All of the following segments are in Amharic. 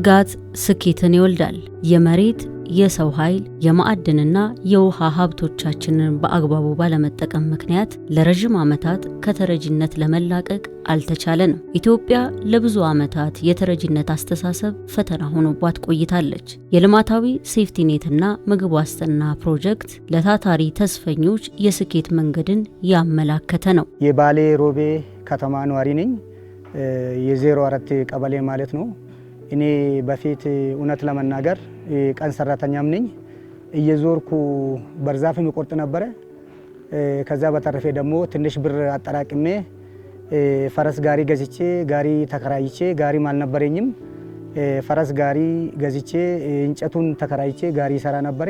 ትጋት ስኬትን ይወልዳል። የመሬት የሰው ኃይል የማዕድንና የውሃ ሀብቶቻችንን በአግባቡ ባለመጠቀም ምክንያት ለረዥም ዓመታት ከተረጂነት ለመላቀቅ አልተቻለንም። ኢትዮጵያ ለብዙ ዓመታት የተረጂነት አስተሳሰብ ፈተና ሆኖባት ቆይታለች። የልማታዊ ሴፍቲኔትና ምግብ ዋስትና ፕሮጀክት ለታታሪ ተስፈኞች የስኬት መንገድን ያመላከተ ነው። የባሌ ሮቤ ከተማ ነዋሪ ነኝ። የ የ04 ቀበሌ ማለት ነው። እኔ በፊት እውነት ለመናገር ቀን ሰራተኛም ነኝ እየዞርኩ በርዛፍ የሚቆርጥ ነበረ። ከዛ በተረፌ ደግሞ ትንሽ ብር አጠራቅሜ ፈረስ ጋሪ ገዝቼ ጋሪ ተከራይቼ ጋሪም አልነበረኝም። ፈረስ ጋሪ ገዝቼ እንጨቱን ተከራይቼ ጋሪ ይሰራ ነበረ።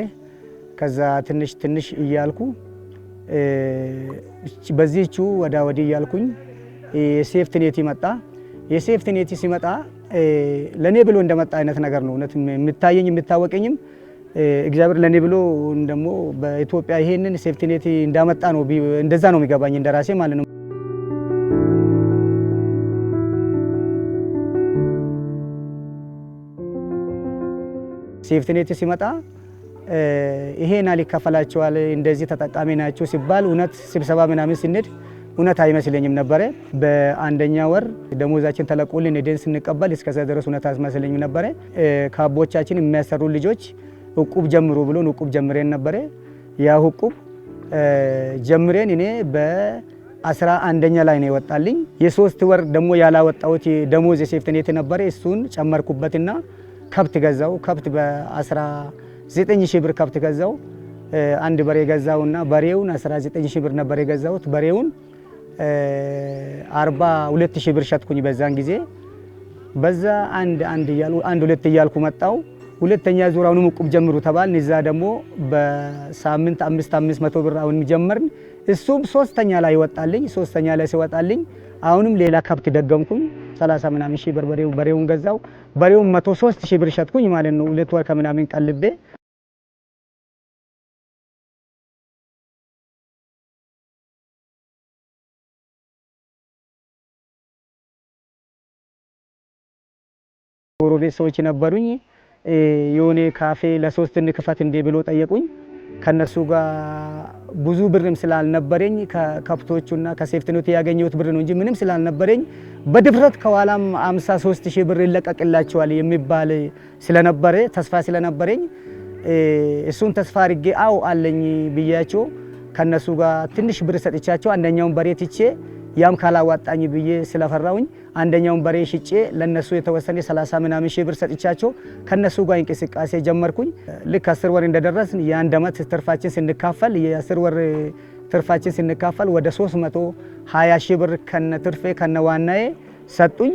ከዛ ትንሽ ትንሽ እያልኩ በዚህቹ ወዳ ወዲህ እያልኩኝ ሴፍትኔት ይመጣ። የሴፍትኔት ሲመጣ ለእኔ ብሎ እንደመጣ አይነት ነገር ነው እውነት የሚታየኝ የሚታወቀኝም እግዚአብሔር ለእኔ ብሎ ደግሞ በኢትዮጵያ ይሄንን ሴፍቲኔት እንዳመጣ ነው እንደዛ ነው የሚገባኝ እንደራሴ ማለት ነው። ሴፍቲኔት ሲመጣ ይሄና ይከፈላቸዋል እንደዚህ ተጠቃሚ ናቸው ሲባል እውነት ስብሰባ ምናምን ስንሄድ እውነት አይመስለኝም ነበረ። በአንደኛ ወር ደሞዛችን ተለቆልን ሄደን ስንቀበል እስከዛ ድረስ እውነት አይመስለኝም ነበረ። ከአቦቻችን የሚያሰሩ ልጆች እቁብ ጀምሩ ብሎን እቁብ ጀምሬን ነበረ። ያ እቁብ ጀምሬን እኔ በአስራ አንደኛ ላይ ነው የወጣልኝ። የሶስት ወር ደግሞ ያላወጣሁት ደሞዝ የሴፍትኔት ነበረ። እሱን ጨመርኩበትና ከብት ገዛው። ከብት በአስራ ዘጠኝ ሺህ ብር ከብት ገዛው። አንድ በሬ ገዛውና በሬውን 19 ሺህ ብር ነበር የገዛሁት በሬውን አርባ ሁለት ሺህ ብር ሸጥኩኝ በዛን ጊዜ። በዛ አንድ አንድ እያሉ አንድ ሁለት እያልኩ መጣው። ሁለተኛ ዙር አሁንም እቁብ ጀምሩ ተባልን። እዛ ደግሞ በሳምንት አምስት አምስት መቶ ብር አሁንም ጀመርን። እሱም ሶስተኛ ላይ ይወጣልኝ። ሶስተኛ ላይ ሲወጣልኝ አሁንም ሌላ ከብት ደገምኩኝ። 30 ምናምን ሺህ ብር በሬውን ገዛው። በሬውን 103 ሺህ ብር ሸጥኩኝ ማለት ነው። ሁለት ወር ከምናምን ቀልቤ ጎረቤት ሰዎች ነበሩኝ። የሆነ ካፌ ለሶስት እንክፈት እንዴ ብሎ ጠየቁኝ። ከነሱ ጋር ብዙ ብርም ስላልነበረኝ ከከብቶቹና ከሴፍትኖት ያገኘሁት ብር ነው እንጂ ምንም ስላልነበረኝ በድፍረት ከኋላም 53 ሺህ ብር ይለቀቅላቸዋል የሚባል ስለነበረ ተስፋ ስለነበረኝ እሱን ተስፋ አድርጌ አው አለኝ ብያቸው ከነሱ ጋር ትንሽ ብር ሰጥቻቸው አንደኛውን በሬ ትቼ ያም ካላዋጣኝ ብዬ ስለፈራውኝ አንደኛውን በሬ ሽጬ ለነሱ የተወሰነ 30 ምናምን ሺህ ብር ሰጥቻቸው ከነሱ ጋር እንቅስቃሴ ጀመርኩኝ። ልክ አስር ወር እንደደረስን የአንድ ዓመት ትርፋችን ስንካፈል የአስር ወር ትርፋችን ስንካፈል ወደ 320 ሺህ ብር ከነ ትርፌ ከነ ዋናዬ ሰጡኝ።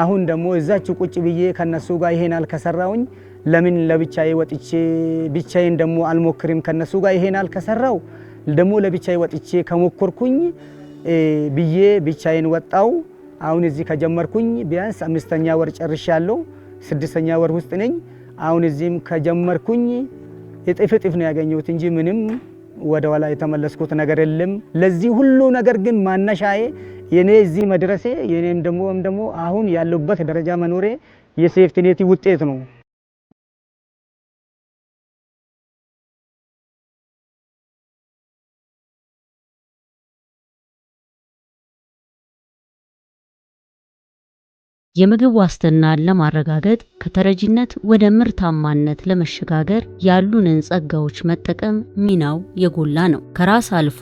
አሁን ደግሞ እዛችሁ ቁጭ ብዬ ከነሱ ጋር ይሄናል ከሰራውኝ ለምን ለብቻዬ ወጥቼ ብቻዬን ደግሞ አልሞክርም? ከነሱ ጋር ይሄናል ከሰራው ደግሞ ለብቻዬ ወጥቼ ከሞከርኩኝ ብዬ ብቻዬን ወጣው። አሁን እዚህ ከጀመርኩኝ ቢያንስ አምስተኛ ወር ጨርሻለሁ። ስድስተኛ ወር ውስጥ ነኝ። አሁን እዚህም ከጀመርኩኝ እጥፍ እጥፍ ነው ያገኘሁት እንጂ ምንም ወደ ኋላ የተመለስኩት ነገር የለም። ለዚህ ሁሉ ነገር ግን ማነሻዬ የኔ እዚህ መድረሴ የኔም ደግሞ አሁን ያለሁበት ደረጃ መኖሬ የሴፍቲኔቲ ውጤት ነው። የምግብ ዋስትናን ለማረጋገጥ ከተረጂነት ወደ ምርታማነት ለመሸጋገር ያሉንን ጸጋዎች መጠቀም ሚናው የጎላ ነው። ከራስ አልፎ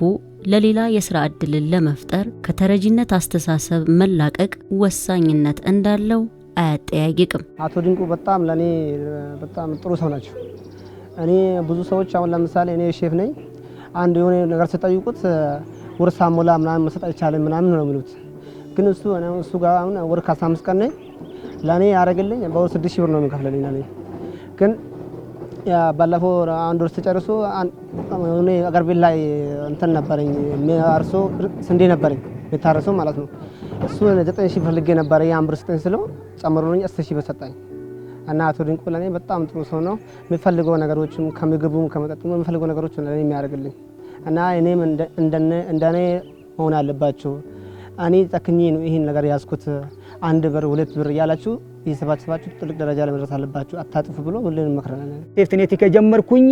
ለሌላ የሥራ ዕድልን ለመፍጠር ከተረጂነት አስተሳሰብ መላቀቅ ወሳኝነት እንዳለው አያጠያይቅም። አቶ ድንቁ በጣም ለእኔ በጣም ጥሩ ሰው ናቸው። እኔ ብዙ ሰዎች አሁን ለምሳሌ እኔ ሼፍ ነኝ፣ አንድ የሆነ ነገር ስጠይቁት ውርሳ ሞላ ምናምን መሰጥ አይቻልም ምናምን ነው የሚሉት ግን እሱ እሱ ጋር አሁን ወር ከአስራ አምስት ቀን ነኝ ለእኔ ያደረግልኝ በወር ስድስት ሺህ ብር ነው የሚከፍለልኝ ለእኔ ግን ባለፈው አንድ ወር ተጨርሶ አገር ቤት ላይ እንትን ነበረኝ አርሶ ስንዴ ነበረኝ የታረሰው ማለት ነው። እሱ ዘጠኝ ሺህ ፈልጌ ነበረ ያን ብር ስጠኝ ስለው ጨምሮልኝ አስር ሺህ በሰጠኝ እና አቶ ድንቁ ለእኔ በጣም ጥሩ ሰው ነው። የሚፈልገው ነገሮችም ከምግቡም ከመጠጡም የሚፈልገው ነገሮች ለእኔ የሚያደርግልኝ እና እኔም እንደኔ መሆን አለባቸው እኔ ጠክኜ ነው ይሄን ነገር ያዝኩት። አንድ ብር ሁለት ብር እያላችሁ እየሰባሰባችሁ ትልቅ ደረጃ ላይ መድረስ አለባችሁ፣ አታጥፉ ብሎ ሁሉንም መክረናል። ሴፍትኔት ከጀመርኩኝ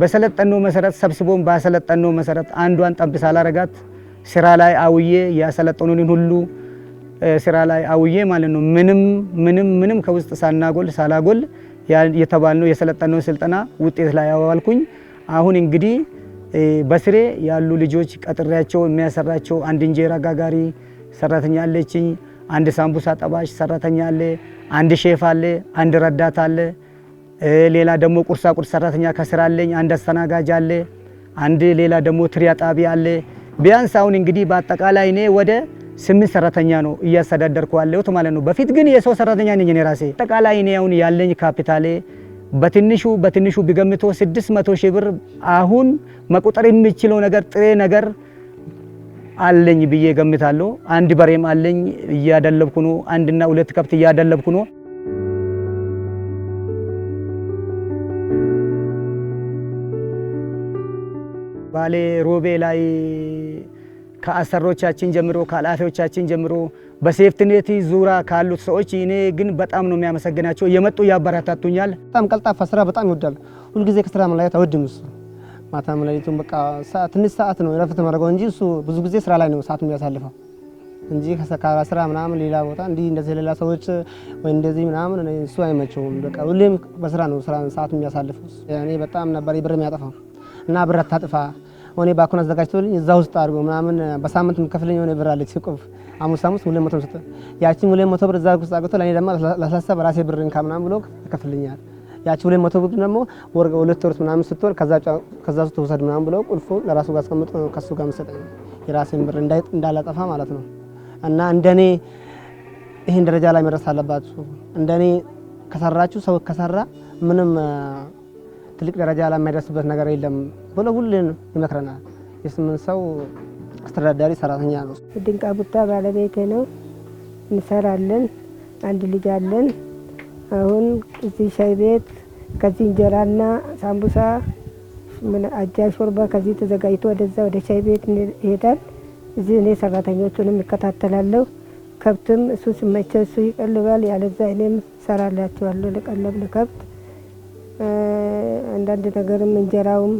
በሰለጠነው መሰረት ሰብስቦን ባሰለጠነው መሰረት አንዷን ጠብ ሳላረጋት ስራ ላይ አውዬ ያሰለጠኑንን ሁሉ ስራ ላይ አውዬ ማለት ነው። ምንም ምንም ምንም ከውስጥ ሳናጎል ሳላጎል የተባልነው የሰለጠነው ስልጠና ውጤት ላይ አዋልኩኝ። አሁን እንግዲህ በስሬ ያሉ ልጆች ቀጥሬያቸው የሚያሰራቸው አንድ እንጀራ ጋጋሪ ሰራተኛ አለችኝ፣ አንድ ሳምቡሳ ጠባሽ ሰራተኛ አለ፣ አንድ ሼፍ አለ፣ አንድ ረዳት አለ። ሌላ ደግሞ ቁርሳቁርስ ሰራተኛ ከስራ አለኝ፣ አንድ አስተናጋጅ አለ፣ አንድ ሌላ ደግሞ ትሪያ ጣቢ አለ። ቢያንስ አሁን እንግዲህ በአጠቃላይ እኔ ወደ ስምንት ሰራተኛ ነው እያስተዳደርኩ ያለሁት ማለት ነው። በፊት ግን የሰው ሰራተኛ ነኝ እኔ ራሴ። አጠቃላይ እኔ አሁን ያለኝ ካፒታሌ በትንሹ በትንሹ ቢገምቶ 600 ሺህ ብር አሁን መቁጠር የሚችለው ነገር ጥሬ ነገር አለኝ ብዬ ገምታለሁ። አንድ በሬም አለኝ እያደለብኩ ነው። አንድና ሁለት ከብት እያደለብኩ ነው። ባሌ ሮቤ ላይ ከአሰሮቻችን ጀምሮ ከኃላፊዎቻችን ጀምሮ በሴፍትኔት ዙራ ካሉት ሰዎች እኔ ግን በጣም ነው የሚያመሰግናቸው። የመጡ ያበረታቱኛል። በጣም ቀልጣፋ ስራ በጣም ይወዳል። ሁልጊዜ ከስራ መለያየት አይወድም እሱ። ማታ ሌሊቱም በቃ ትንሽ ሰዓት ነው ረፍት ማድረገው እንጂ እሱ ብዙ ጊዜ ስራ ላይ ነው ሰዓት የሚያሳልፈው እንጂ ከሰካራ ስራ ምናምን ሌላ ቦታ እንዲህ እንደዚህ ሌላ ሰዎች ወይ እንደዚህ ምናምን እሱ አይመቸውም። በቃ ሁሌም በስራ ነው ስራ ሰዓት የሚያሳልፈው። እኔ በጣም ነበር ብር የሚያጠፋው እና ብር አታጥፋ ሆኔ ባኮን አዘጋጅቶልኝ እዛ ውስጥ አድርጎ ምናምን በሳምንት የምከፍለኝ የሆነ ብር አለች ሱቁፍ አሙስ አሙስ ሁለት መቶ ሰጠ። ያቺን ሁለት መቶ ብር እዛ ውስጥ አግቶ ለእኔ ደግሞ ለስላሳ በራሴ ብር እንካ ምናምን ብሎ ይከፍልኛል። ያቺ ሁለት መቶ ብር ደግሞ ወር ሁለት ወር ምናምን ስትሆን ከዛ ውስጥ ትውሰድ ምናምን ብሎ ቁልፉ ለራሱ ጋር አስቀምጦ ከሱ ጋር የምሰጠኝ የራሴን ብር እንዳላጠፋ ማለት ነው። እና እንደኔ ይህን ደረጃ ላይ መድረስ አለባችሁ። እንደኔ ከሰራችሁ ሰው ከሰራ ምንም ትልቅ ደረጃ ለማይደርስበት ነገር የለም ብሎ ሁሉን ይመክረናል። የስምንት ሰው አስተዳዳሪ ሰራተኛ ነው። ድንቃ ቡታ ባለቤቴ ነው። እንሰራለን። አንድ ልጅ አለን። አሁን እዚህ ሻይ ቤት ከዚህ እንጀራና ሳምቡሳ አጃ ሾርባ ከዚህ ተዘጋጅቶ ወደዛ ወደ ሻይ ቤት ይሄዳል። እዚህ እኔ ሰራተኞቹንም እከታተላለሁ። ከብትም እሱ ሲመቸው እሱ ይቀልባል፣ ያለዛ እኔም ሰራላቸዋለሁ። ለቀለብ ለከብት አንዳንድ ነገርም እንጀራውም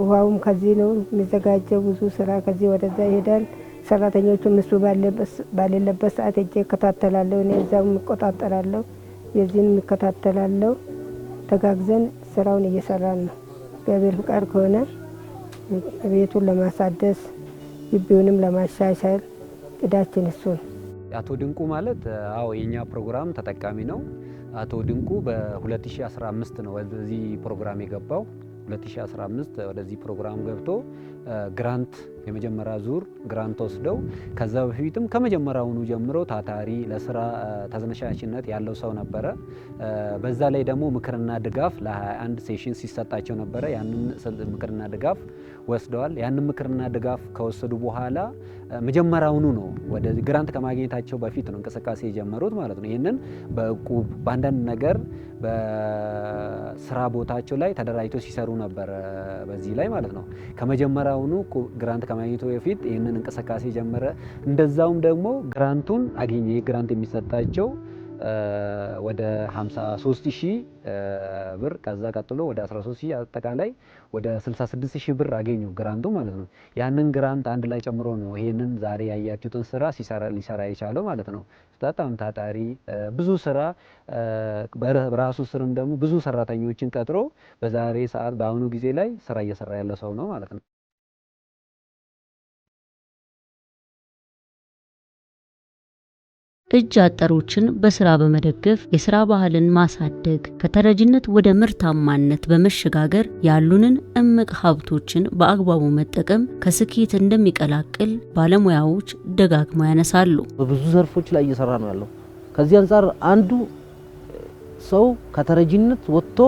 ውሃውም ከዚህ ነው የሚዘጋጀው። ብዙ ስራ ከዚህ ወደዛ ይሄዳል። ሰራተኞቹም እሱ ባሌለበት ሰዓት እጄ እከታተላለሁ፣ እኔ እዛም እቆጣጠራለሁ፣ የዚህን እከታተላለሁ። ተጋግዘን ስራውን እየሰራን ነው። እግዚአብሔር ፍቃድ ከሆነ ቤቱን ለማሳደስ ግቢውንም ለማሻሻል ቅዳችን እሱ ነው። አቶ ድንቁ ማለት አዎ የእኛ ፕሮግራም ተጠቃሚ ነው። አቶ ድንቁ በ2015 ነው ወደዚህ ፕሮግራም የገባው። 2015 ወደዚህ ፕሮግራም ገብቶ ግራንት የመጀመሪያ ዙር ግራንት ወስደው ከዛ በፊትም ከመጀመሪያውኑ ጀምሮ ታታሪ ለስራ ተነሳሽነት ያለው ሰው ነበረ። በዛ ላይ ደግሞ ምክርና ድጋፍ ለ21 ሴሽን ሲሰጣቸው ነበረ። ያንን ምክርና ድጋፍ ወስደዋል። ያንን ምክርና ድጋፍ ከወሰዱ በኋላ መጀመሪያውኑ ነው ወደ ግራንት ከማግኘታቸው በፊት ነው እንቅስቃሴ የጀመሩት ማለት ነው። ይህንን በእቁብ በአንዳንድ ነገር በስራ ቦታቸው ላይ ተደራጅቶ ሲሰሩ ነበር። በዚህ ላይ ማለት ነው ከመጀመሪያውኑ ግራንት ከማግኘቱ በፊት ይህንን እንቅስቃሴ ጀመረ። እንደዛውም ደግሞ ግራንቱን አገኘ። ግራንት የሚሰጣቸው ወደ 53000 ብር ከዛ ቀጥሎ ወደ 13000 አጠቃላይ ወደ 66000 ብር አገኙ ግራንቱ ማለት ነው። ያንን ግራንት አንድ ላይ ጨምሮ ነው ይሄንን ዛሬ ያያችሁትን ስራ ሲሰራ ሊሰራ የቻለው ማለት ነው። በጣም ታታሪ ብዙ ስራ በራሱ ስርም ደግሞ ብዙ ሰራተኞችን ቀጥሮ በዛሬ ሰዓት በአሁኑ ጊዜ ላይ ስራ እየሰራ ያለ ሰው ነው ማለት ነው። እጅ አጠሮችን በስራ በመደገፍ የስራ ባህልን ማሳደግ ከተረጅነት ወደ ምርታማነት በመሸጋገር ያሉንን እምቅ ሀብቶችን በአግባቡ መጠቀም ከስኬት እንደሚቀላቅል ባለሙያዎች ደጋግመው ያነሳሉ። በብዙ ዘርፎች ላይ እየሰራ ነው ያለው። ከዚህ አንጻር አንዱ ሰው ከተረጅነት ወጥቶ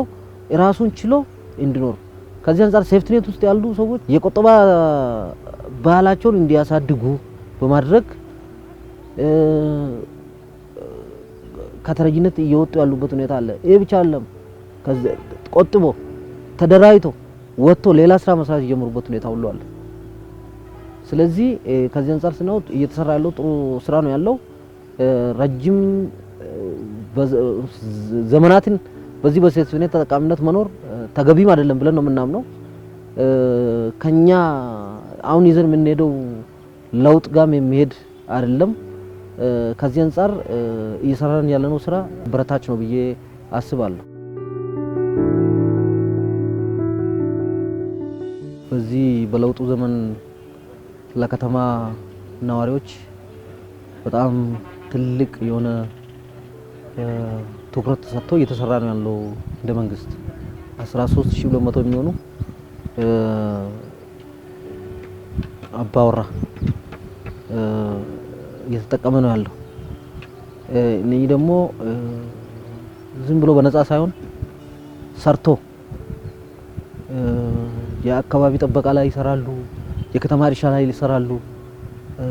የራሱን ችሎ እንዲኖር ከዚህ አንጻር ሴፍትኔት ውስጥ ያሉ ሰዎች የቆጠባ ባህላቸውን እንዲያሳድጉ በማድረግ ከተረጅነት እየወጡ ያሉበት ሁኔታ አለ። ይሄ ብቻ አይደለም፣ ቆጥቦ ተደራጅቶ ወጥቶ ሌላ ስራ መስራት የጀመሩበት ሁኔታ ሁሉ አለ። ስለዚህ ከዚህ አንጻር ስናው እየተሰራ ያለው ጥሩ ስራ ነው ያለው። ረጅም ዘመናትን በዚህ በሴፍቲኔት ተጠቃሚነት መኖር ተገቢም አይደለም ብለን ነው የምናምነው። ከኛ አሁን ይዘን የምንሄደው ለውጥ ጋር የሚሄድ አይደለም። ከዚህ አንጻር እየሰራን ያለነው ስራ ብረታች ነው ብዬ አስባለሁ። በዚህ በለውጡ ዘመን ለከተማ ነዋሪዎች በጣም ትልቅ የሆነ ትኩረት ተሰጥቶ እየተሰራ ነው ያለው እንደ መንግስት 13200 የሚሆኑ አባወራ እየተጠቀመ ነው ያለው። እነዚህ ደግሞ ዝም ብሎ በነፃ ሳይሆን ሰርቶ የአካባቢ ጥበቃ ላይ ይሰራሉ፣ የከተማ እርሻ ላይ ይሰራሉ።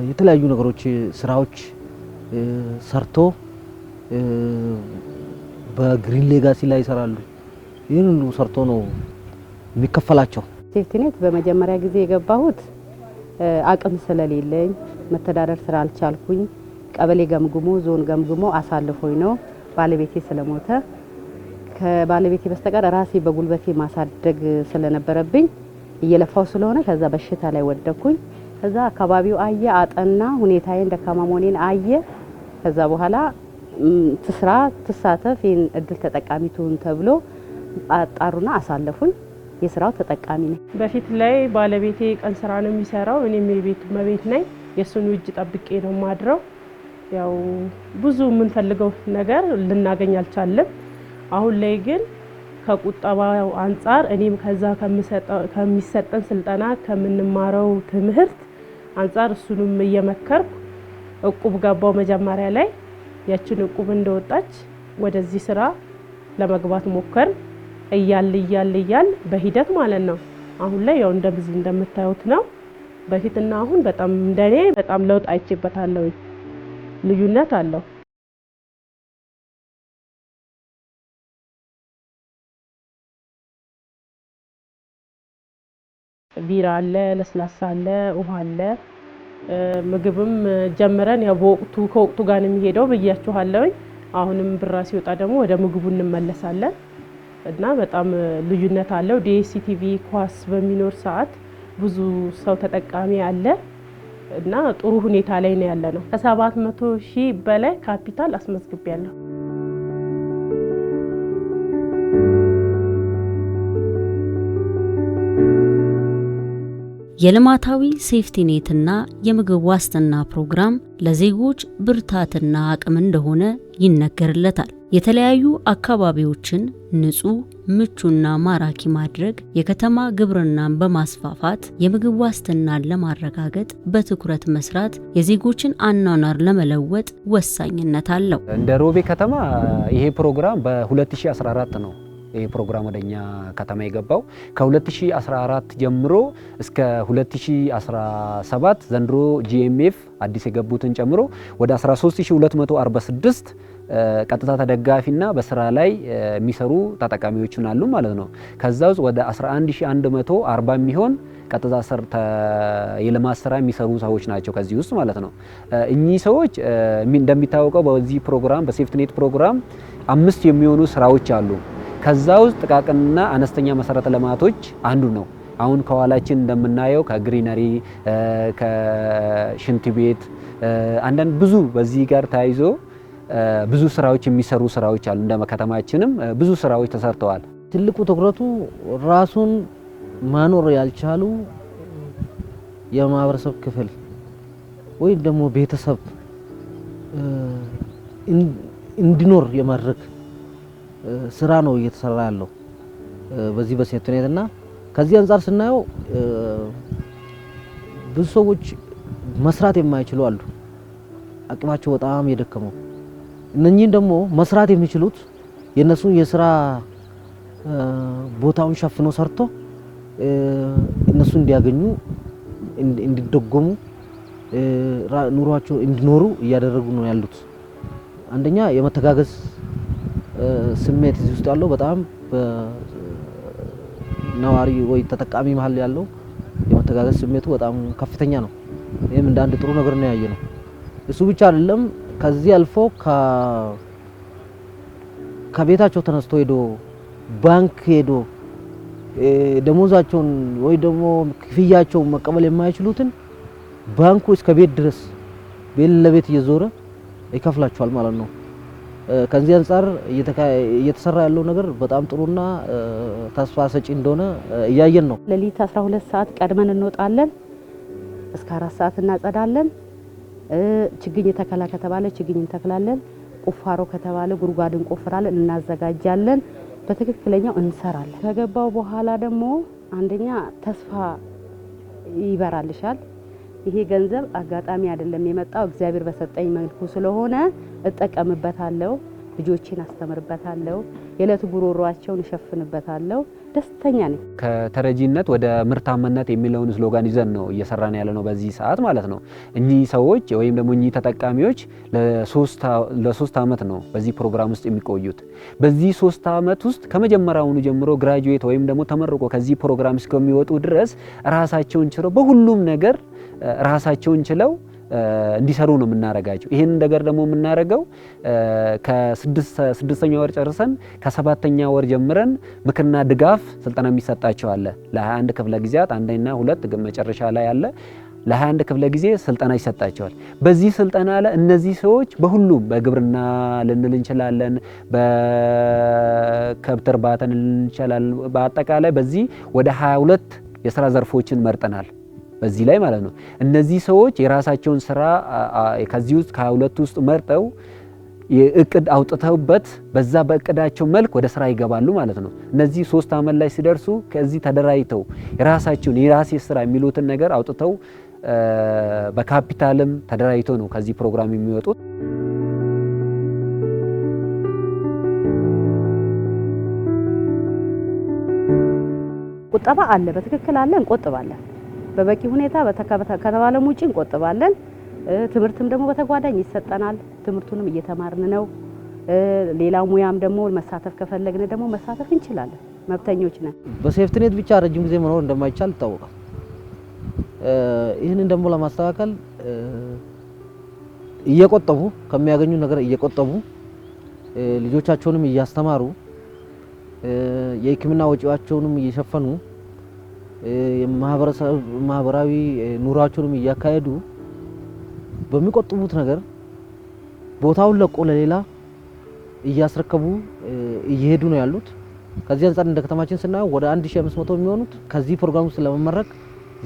የተለያዩ ነገሮች ስራዎች ሰርቶ በግሪን ሌጋሲ ላይ ይሰራሉ። ይህን ሁሉ ሰርቶ ነው የሚከፈላቸው። ሴፍቲኔት በመጀመሪያ ጊዜ የገባሁት አቅም ስለሌለኝ መተዳደር ስላልቻልኩኝ ቀበሌ ገምግሞ ዞን ገምግሞ አሳልፎኝ ነው ባለቤቴ ስለሞተ ከባለቤቴ በስተቀር ራሴ በጉልበቴ ማሳደግ ስለነበረብኝ እየለፋው ስለሆነ ከዛ በሽታ ላይ ወደኩኝ። ከዛ አካባቢው አየ፣ አጠና፣ ሁኔታዬን ደካማ መሆኔን አየ። ከዛ በኋላ ትስራ፣ ትሳተፍ፣ ይህን እድል ተጠቃሚ ትሁን ተብሎ አጣሩና አሳለፉኝ። የስራው ተጠቃሚ ነኝ። በፊት ላይ ባለቤቴ ቀን ስራ ነው የሚሰራው፣ እኔም የቤት መቤት ነኝ። የእሱን እጅ ጠብቄ ነው ማድረው። ያው ብዙ የምንፈልገው ነገር ልናገኝ አልቻለም። አሁን ላይ ግን ከቁጠባው አንጻር እኔም ከዛ ከሚሰጠን ስልጠና ከምንማረው ትምህርት አንጻር እሱንም እየመከርኩ እቁብ ገባው መጀመሪያ ላይ ያችን እቁብ እንደወጣች ወደዚህ ስራ ለመግባት ሞከር እያል እያል እያል በሂደት ማለት ነው። አሁን ላይ ያው እንደዚህ እንደምታዩት ነው። በፊትና አሁን በጣም እንደኔ በጣም ለውጥ አይቼበታለሁ። ልዩነት አለው። ቢራ አለ፣ ለስላሳ አለ፣ ውሃ አለ። ምግብም ጀምረን ያው በወቅቱ ከወቅቱ ጋር ነው የሚሄደው ብያችኋለሁኝ። አሁንም ብራ ሲወጣ ደግሞ ወደ ምግቡ እንመለሳለን እና በጣም ልዩነት አለው። ዲኤስቲቪ ኳስ በሚኖር ሰዓት ብዙ ሰው ተጠቃሚ አለ እና ጥሩ ሁኔታ ላይ ነው ያለ ነው። ከሰባት መቶ ሺህ በላይ ካፒታል አስመዝግቤያለሁ። የልማታዊ ሴፍቲኔትና የምግብ ዋስትና ፕሮግራም ለዜጎች ብርታትና አቅም እንደሆነ ይነገርለታል። የተለያዩ አካባቢዎችን ንጹህ ምቹና ማራኪ ማድረግ፣ የከተማ ግብርናን በማስፋፋት የምግብ ዋስትናን ለማረጋገጥ በትኩረት መስራት የዜጎችን አኗኗር ለመለወጥ ወሳኝነት አለው። እንደ ሮቤ ከተማ ይሄ ፕሮግራም በ2014 ነው ይህ ፕሮግራም ወደኛ ከተማ የገባው ከ2014 ጀምሮ እስከ 2017 ዘንድሮ ጂኤምኤፍ አዲስ የገቡትን ጨምሮ ወደ 13246 ቀጥታ ተደጋፊና በስራ ላይ የሚሰሩ ተጠቃሚዎችን አሉ ማለት ነው። ከዛ ውስጥ ወደ 11140 የሚሆን ቀጥታ ስር የልማት ስራ የሚሰሩ ሰዎች ናቸው ከዚህ ውስጥ ማለት ነው። እኚህ ሰዎች እንደሚታወቀው በዚህ ፕሮግራም በሴፍትኔት ፕሮግራም አምስት የሚሆኑ ስራዎች አሉ። ከዛ ውስጥ ጥቃቅንና አነስተኛ መሰረተ ልማቶች አንዱ ነው። አሁን ከኋላችን እንደምናየው ከግሪነሪ ከሽንት ቤት አንዳንድ ብዙ በዚህ ጋር ተያይዞ ብዙ ስራዎች የሚሰሩ ስራዎች አሉ። እንደ ከተማችንም ብዙ ስራዎች ተሰርተዋል። ትልቁ ትኩረቱ ራሱን ማኖር ያልቻሉ የማህበረሰብ ክፍል ወይም ደግሞ ቤተሰብ እንዲኖር የማድረግ ስራ ነው እየተሰራ ያለው በዚህ በሴፍቲኔት እና ከዚህ አንጻር ስናየው ብዙ ሰዎች መስራት የማይችሉ አሉ። አቅማቸው በጣም የደከመው እነኚህን ደግሞ መስራት የሚችሉት የእነሱን የስራ ቦታውን ሸፍኖ ሰርቶ እነሱ እንዲያገኙ እንዲደጎሙ ኑሯቸው እንዲኖሩ እያደረጉ ነው ያሉት። አንደኛ የመተጋገዝ ስሜት እዚህ ውስጥ ያለው በጣም ነዋሪ ወይ ተጠቃሚ መሀል ያለው የመተጋገዝ ስሜቱ በጣም ከፍተኛ ነው። ይህም እንደ አንድ ጥሩ ነገር ነው ያየ ነው። እሱ ብቻ አይደለም። ከዚህ አልፎ ከቤታቸው ተነስቶ ሄዶ ባንክ ሄዶ ደሞዛቸውን ወይ ደግሞ ክፍያቸውን መቀበል የማይችሉትን ባንኩ እስከ ቤት ድረስ ቤት ለቤት እየዞረ ይከፍላቸዋል ማለት ነው። ከዚህ አንጻር እየተሰራ ያለው ነገር በጣም ጥሩና ተስፋ ሰጪ እንደሆነ እያየን ነው። ሌሊት 12 ሰዓት ቀድመን እንወጣለን፣ እስከ አራት ሰዓት እናጸዳለን። ችግኝ ተከላ ከተባለ ችግኝ እንተክላለን። ቁፋሮ ከተባለ ጉድጓድ እንቆፍራለን፣ እናዘጋጃለን። በትክክለኛው እንሰራለን። ከገባው በኋላ ደግሞ አንደኛ ተስፋ ይበራልሻል። ይሄ ገንዘብ አጋጣሚ አይደለም የመጣው እግዚአብሔር በሰጠኝ መልኩ ስለሆነ እጠቀምበታለሁ። ልጆቼን አስተምርበታለሁ፣ የዕለት ጉሮሯቸውን እሸፍንበታለሁ። ደስተኛ ነኝ። ከተረጂነት ወደ ምርታማነት የሚለውን ስሎጋን ይዘን ነው እየሰራን ያለ ነው በዚህ ሰዓት ማለት ነው። እኚህ ሰዎች ወይም ደግሞ እኚህ ተጠቃሚዎች ለሶስት ዓመት ነው በዚህ ፕሮግራም ውስጥ የሚቆዩት። በዚህ ሶስት ዓመት ውስጥ ከመጀመሪያውኑ ጀምሮ ግራጁዌት ወይም ደግሞ ተመርቆ ከዚህ ፕሮግራም እስከሚወጡ ድረስ ራሳቸውን ችለው በሁሉም ነገር ራሳቸውን ችለው እንዲሰሩ ነው የምናደርጋቸው። ይህን ነገር ደግሞ የምናደርገው ከስድስተኛ ወር ጨርሰን ከሰባተኛ ወር ጀምረን ምክርና ድጋፍ ስልጠና የሚሰጣቸው አለ። ለ21 ክፍለ ጊዜያት አንደና ሁለት መጨረሻ ላይ አለ። ለ21 ክፍለ ጊዜ ስልጠና ይሰጣቸዋል። በዚህ ስልጠና ላይ እነዚህ ሰዎች በሁሉም በግብርና ልንል እንችላለን፣ በከብት እርባታ ልንል እንችላለን። በአጠቃላይ በዚህ ወደ 22 የስራ ዘርፎችን መርጠናል። በዚህ ላይ ማለት ነው። እነዚህ ሰዎች የራሳቸውን ስራ ከዚህ ውስጥ ከሁለቱ ውስጥ መርጠው እቅድ አውጥተውበት በዛ በእቅዳቸው መልክ ወደ ስራ ይገባሉ ማለት ነው። እነዚህ ሶስት አመት ላይ ሲደርሱ ከዚህ ተደራጅተው የራሳቸውን የራሴ ስራ የሚሉትን ነገር አውጥተው በካፒታልም ተደራጅቶ ነው ከዚህ ፕሮግራም የሚወጡት። ቁጠባ አለ፣ በትክክል አለ፣ እንቆጥባለን በበቂ ሁኔታ ከተባለም ውጪ እንቆጥባለን። ትምህርትም ደግሞ በተጓዳኝ ይሰጠናል። ትምህርቱንም እየተማርን ነው። ሌላ ሙያም ደግሞ መሳተፍ ከፈለግን ደግሞ መሳተፍ እንችላለን። መብተኞች ነን። በሴፍትኔት ብቻ ረጅም ጊዜ መኖር እንደማይቻል ይታወቃል። ይህንን ደግሞ ለማስተካከል እየቆጠቡ ከሚያገኙ ነገር እየቆጠቡ ልጆቻቸውንም እያስተማሩ የሕክምና ወጪዋቸውንም እየሸፈኑ ማህበራዊ ኑሯቸውንም እያካሄዱ በሚቆጥቡት ነገር ቦታውን ለቆ ለሌላ እያስረከቡ እየሄዱ ነው ያሉት። ከዚህ አንጻር እንደ ከተማችን ስናየው ወደ 1500 የሚሆኑት ከዚህ ፕሮግራም ውስጥ ለመመረቅ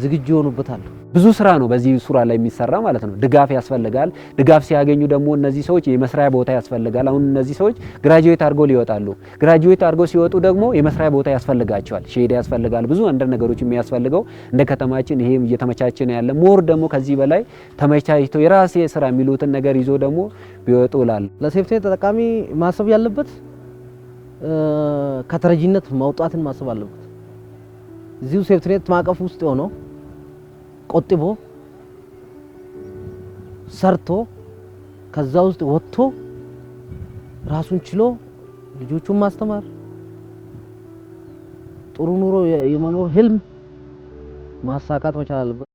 ዝግጁ ይሆኑበታል። ብዙ ስራ ነው በዚህ ሱራ ላይ የሚሰራ ማለት ነው። ድጋፍ ያስፈልጋል። ድጋፍ ሲያገኙ ደግሞ እነዚህ ሰዎች የመስሪያ ቦታ ያስፈልጋል። አሁን እነዚህ ሰዎች ግራጁዌት አድርገው ሊወጣሉ። ግራጁዌት አድርገው ሲወጡ ደግሞ የመስሪያ ቦታ ያስፈልጋቸዋል። ሼዳ ያስፈልጋል። ብዙ አንዳንድ ነገሮች የሚያስፈልገው እንደ ከተማችን ይሄም እየተመቻቸ ነው ያለ። ሞር ደግሞ ከዚህ በላይ ተመቻችቶ የራሴ ስራ የሚሉትን ነገር ይዞ ደግሞ ቢወጡ ላል ለሴፍትኔት ተጠቃሚ ማሰብ ያለበት ከተረጂነት መውጣትን ማሰብ አለበት። እዚሁ ሴፍትኔት ማቀፍ ውስጥ ሆኖ ቆጥቦ ሰርቶ ከዛ ውስጥ ወጥቶ ራሱን ችሎ ልጆቹን ማስተማር ጥሩ ኑሮ የመኖር ህልም ማሳካት መቻል አለበት።